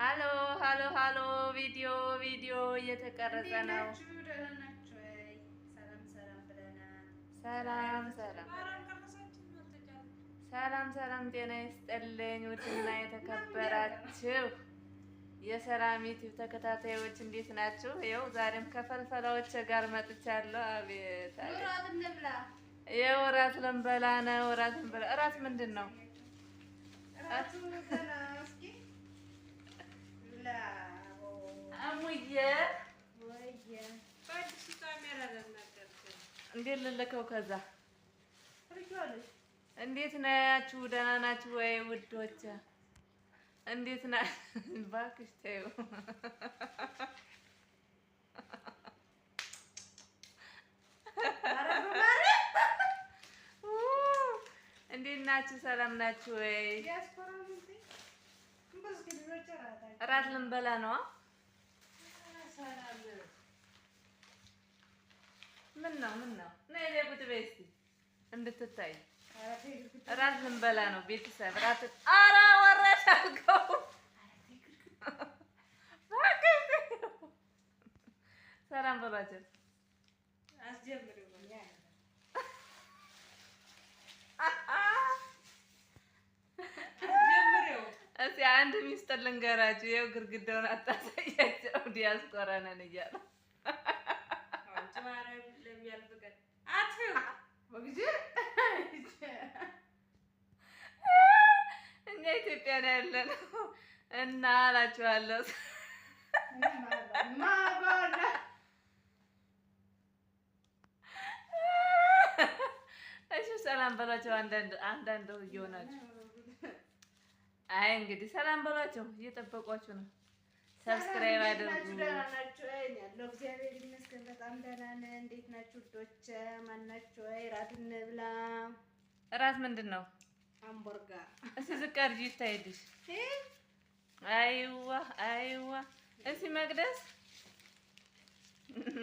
ሀሎ ሀሎ ሀሎ፣ ቪዲዮ ቪዲዮ እየተቀረጸ ነው። ሰላም ሰላም ሰላም ሰላም፣ ጤና ይስጥልኝ ውድና የተከበራችሁ የሰላም ዩቲዩብ ተከታታዮች እንዴት ናችሁ? ይኸው ዛሬም ከፈልፈላዎች ጋር መጥቻለሁ። አቤት ይኸው እራት ልንበላ ነው። እራት ልንበላ እራት ምንድን ነው? አሙዬ እንዴት ልልከው? ከዛ እንዴት ናችሁ? ደህና ናችሁ ወይ ውዶች? እንዴት ና እባክሽ ተይው። እንዴት ናችሁ? ሰላም ናችሁ ወይ? እራት ልንበላ ነው። ምን ነው ምን ነው? ነይ ቁጭ በይ እስኪ እንድትታይ። እራት ልንበላ ነው ቤተሰብ። እራት ኧረ ወራሽ አልገቡ ሰላም በሏቸው። አንድ ሚስጥር ልንገራችሁ። ይኸው ግርግዳውን አታሳያቸው ዲያስፖራ ነን እያሉ እኛ ኢትዮጵያ ነው እና አላችኋለሁ እሺ ሰላም በሏቸው። አንዳንድ አንዳንድ እየሆናችሁ አይ እንግዲህ ሰላም በሏቸው፣ እየጠበቋችሁ ነው። ሰብስክራይብ አድርጉ። ደህና ናችሁ? እግዚአብሔር ይመስገን በጣም ደህና ነን። እንዴት ናችሁ ውዶች? ማን ናችሁ? አይ እራት እንብላ። እራት ምንድን ነው? እስኪ ዝቅ አድርጊ ይታይልሽ። አይዋ አይዋ። እስኪ መቅደስ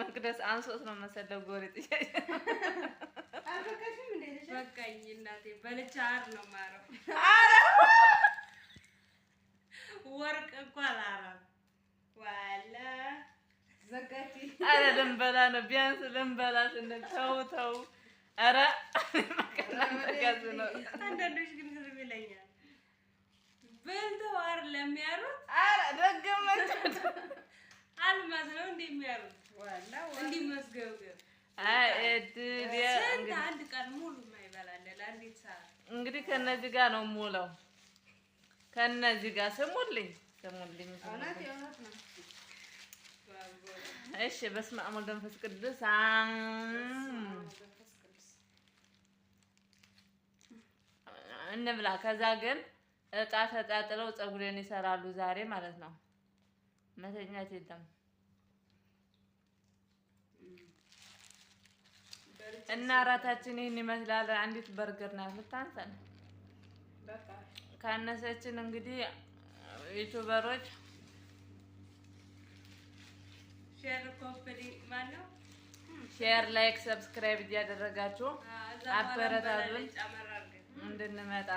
መቅደስ አንሶት ነው መሰለው ጎሪጥ በቃኝ እናቴ ነው ማረው ወርቅ እኮ አላረም ዋለ ዘጋቲ። ኧረ ልንበላ ነው ቢያንስ ልንበላ ስንል ተው ተው። ነው። አንዳንዶች ግን ይለኛል በልተው ለሚያሩት። ደግመት አልማዝ ነው እንደሚያሩት ዋላ እንዲህ እንግዲህ ከነዚህ ጋር ነው የምውለው። ከነዚህ ጋር ስሙልኝ ስሙልኝ። እሺ፣ በስመ አብ ወወልድ ወመንፈስ ቅዱስ እንብላ። ከዛ ግን እጣ ተጣጥለው ፀጉሬን ይሰራሉ ዛሬ ማለት ነው። መተኛት የለም እና እራታችን ይህን ይመስላል። አንዲት በርገር ናት ልታንሰን ካነሰችን እንግዲህ ዩቱበሮች ሼር ላይክ ሰብስክራይብ እያደረጋችሁ አበረታቱን እንድንመጣ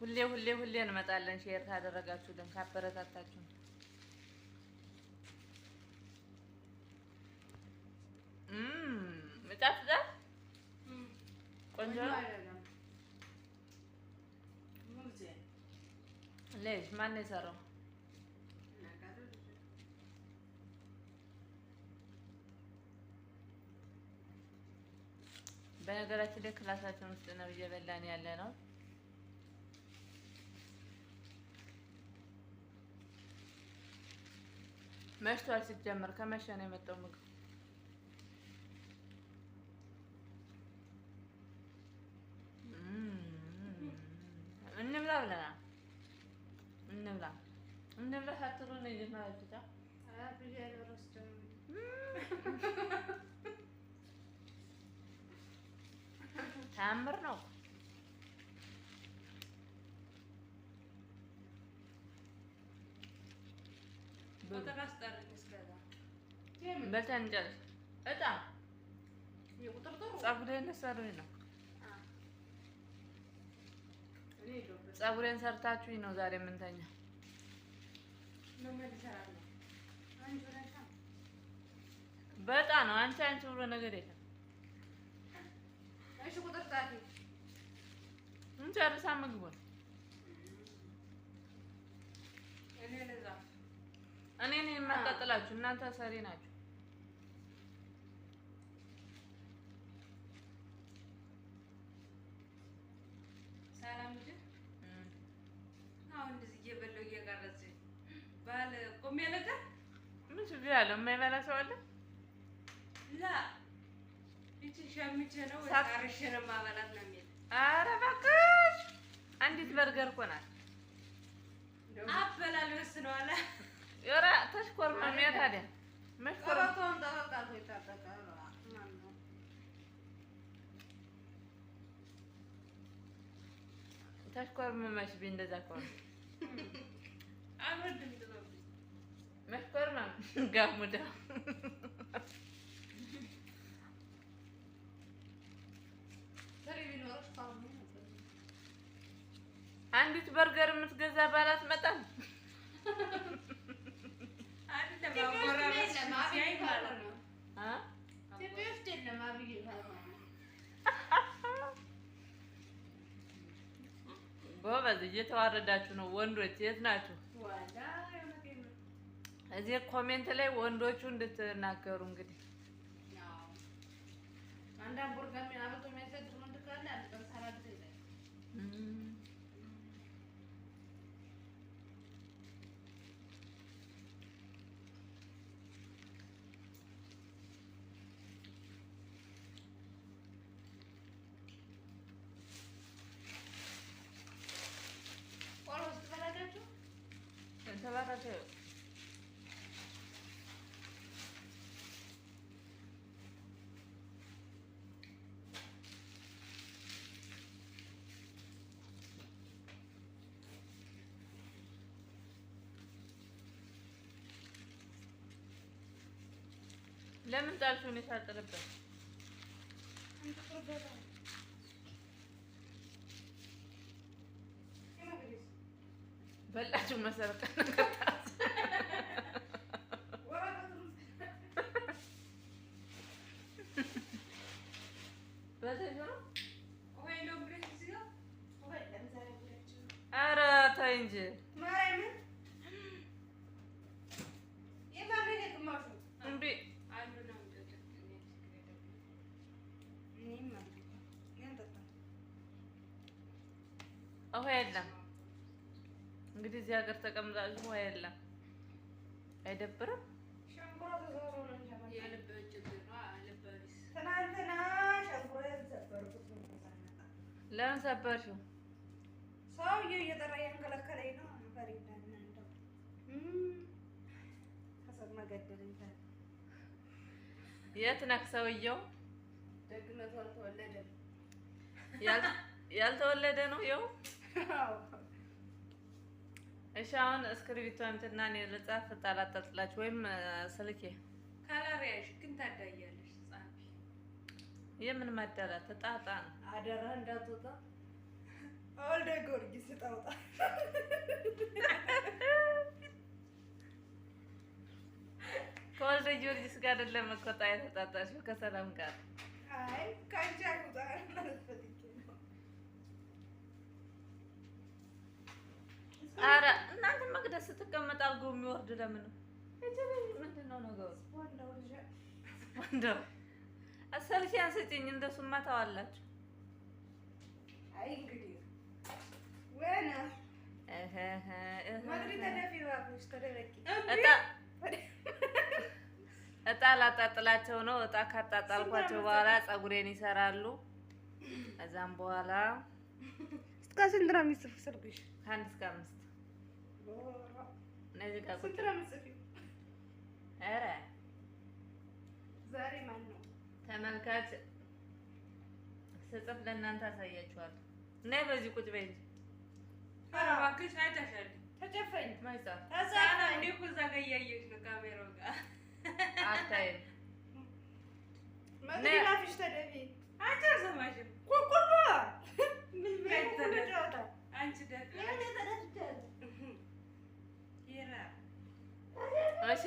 ሁሌ ሁሌ ሁሌ እንመጣለን። ሼር ታደረጋችሁልን ካበረታታችሁ እም లే የሰራው? በነገራችን ላይ ክላሳችን ውስጥ ነው እየበላን ያለ ነው። መሽቷል። ሲጀመር ከመሸ ነው የመጣው ምግብ በልተን እንጨርስ። እጣ ፀጉሬን ሰሩኝ ነው ፀጉሬን ሰርታችሁኝ ነው ዛሬ የምንተኛ። በጣ ነው አንቺ አንቺ ብሎ ነገር የለም። እንጨርሳ ምግቡን እኔ እኔ የማቃጥላችሁ እናንተ ሰሪ ናችሁ። ሰላም ግን አሁን እንደዚህ እየበላሁ እየቀረጽኩኝ ባል ቆሜ ያለቀር ምን ችግር አለው? የማይበላ ሰው አለ? ላ ይቺን ሸምቼ ነው አርሼ ነው የማበላት ነው የሚል። ኧረ እባክሽ አንዲት በርገር እኮ ናት አበላል ወስነዋል። ኧረ ተሽኮርመም ታዲያ ተሽኮርመመሽ ብኝ እንደዛ ከሆነ መሽኮርመም ጋሙዳ አንዲት በርገር የምትገዛ ባላት መጣል ጎበዝ እየተዋረዳችሁ ነው ወንዶች። የት ናችሁ? እዚህ ኮሜንት ላይ ወንዶቹ እንድትናገሩ እንግዲህ አንዳንድ ለምን ጣልሽው? ነው የታጠረበት በላችሁ መሰረቀ ነገር ኧረ ተይ እንጂ ውሃ የለም። እንግዲህ እዚህ ሀገር ተቀምጣችሁ ውሃ የለም። አይደብርም? ለምን ሰበርሽው? ሰውዬው እየጠራ እያንከለከለኝ ነው። የት ነህ? ሰውዬው ያልተወለደ ነው ይኸው እሺ አሁን እስክሪብቶ እንትና እኔ ልጻፍ ታላጣጥላችሁ ወይም ስልኬ ካላሪያሽ ግን ታዳያለሽ። ጻፊ የምን ተጣጣ ነው። አደራ እንዳትወጣ ወልደ ጊዮርጊስ ተጣጣ ከወልደ ጊዮርጊስ ጋር አይደለም እኮ ከሰላም ጋር አይ አረ እናንተ መቅደስ ስትቀመጥ አድርጎ የሚወርድ ለምን ነው? ምንድን ነው ነገሩ? እንደው ስልኬን ስጪኝ። እንደሱማ ታዋላችሁ። እጣ ላጣጥላቸው ነው። እጣ ካጣጣልኳቸው በኋላ ፀጉሬን ይሰራሉ። ከዛም በኋላ እስከ ስንት ነው የሚጽፉ? ከአንድ እስከ አምስት እነዚህ ጋር ቁጭ ኧረ ዛሬ ማን ነው ተመልካች ስጽፍ ለእናንተ አሳያችኋለሁ። እና በዚህ ቁጭ በይ እንጂ እባክሽ አይተሻል። ተጨፈኝ ማይጻፍ ታዛና እንዲሁ እዛ ጋር እያየሁሽ ነው ካሜራው ጋር አታይም። መግቢያ ላፍሽ ተደፊ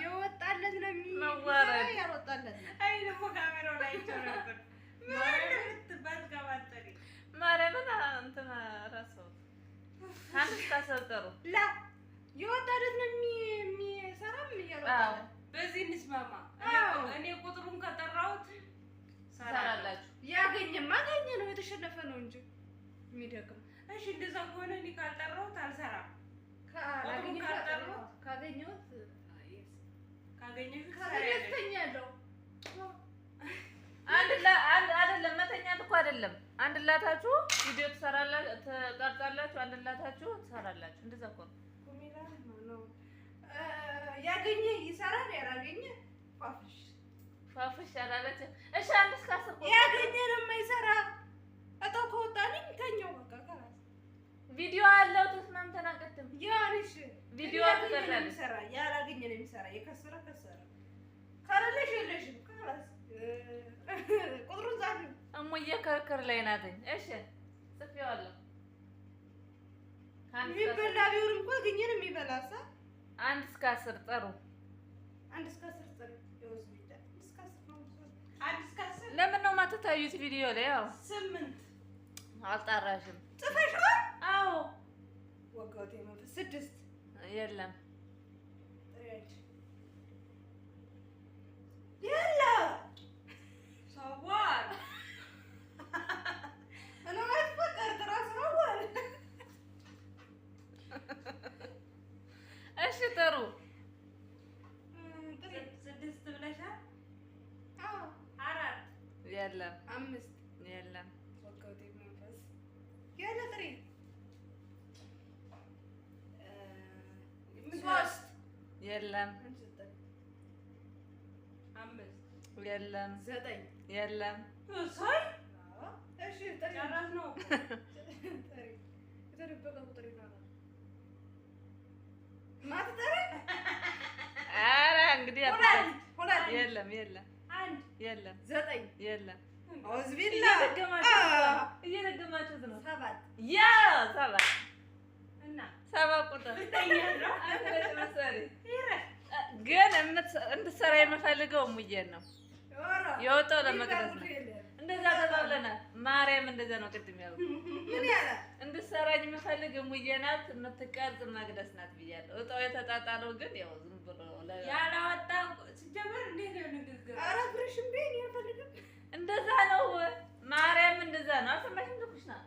የወጣለት ነው ያልወጣለት የወጣለት ነው የሚሰራም እያልወጣለት በዚህ እንስማማ። እኔ ቁጥሩን ከጠራሁት ሰራላችሁ። ያገኘም የተሸነፈ ነው እንጂ የሚደክም እሺ፣ እንደዛ ከሆነ እኔ ካልጠራሁት አልሰራም። ቁጥሩን ካልጠራሁት ካገኘሁት እተኛለሁ። አይደለም መተኛት እኮ አይደለም። አንድ ላታችሁ ቪዲዮ ትሰራላችሁ፣ ትቀርጻላችሁ፣ አንድ ላታችሁ ትሰራላችሁ። እንደዛ እኮ ነው። ያገኘ ይሰራል፣ ያላገኘ ፋፍሽ ፋፍሽ አላለች። እሺ አንድ እስከ አስር ያገኘ ነው የማይሰራ እጠው ከወጣልኝ ተኛው በቃ ቪዲዮ አለው ቪዲዮ የሚሰራ ያላገኘ ነው የሚሰራ የከሰረ ከሰረ ከሌለሽ የለሽም እሙዬ ክርክር ላይ ናት እሺ ጽፌዋለሁ የሚበላ ቢሆን እኮ አገኘ ነው የሚበላ አንድ እስከ አስር ጥሩ አንድ እስከ አስር ጥሩ ለምን ነው የማትታዩት ቪዲዮ ላይ ያው ስምንት አልጣራሽም አዎ ወጋቴ መንፈስ ስድስት ¡Gracias! يلا يلا يلا ما تدري ارا يلا يلا يلا زدي يلا أعوذ بالله إيه لقمات إيه لقمات يا سبت ሰባት ቁጥር ግን እንድትሰራ የምፈልገው እሙዬን ነው የወጣው ለመቅረጽ ነው። እንደዛ ተባብለናል። ማርያም እንደዛ ነው ቅድም ያሉት እንድትሰራኝ የምፈልግ እሙዬ ናት የምትቀርጽ መቅደስ ናት ብያለሁ። እጣው የተጣጣለው ግን ያው ዝም ብሎ ያላወጣ ሲጀመር እንዴት ነው ንግግር? ኧረ ብርሽ እንደዛ ነው። ማርያም እንደዛ ነው። አልሰማሽም ልኩሽ ናት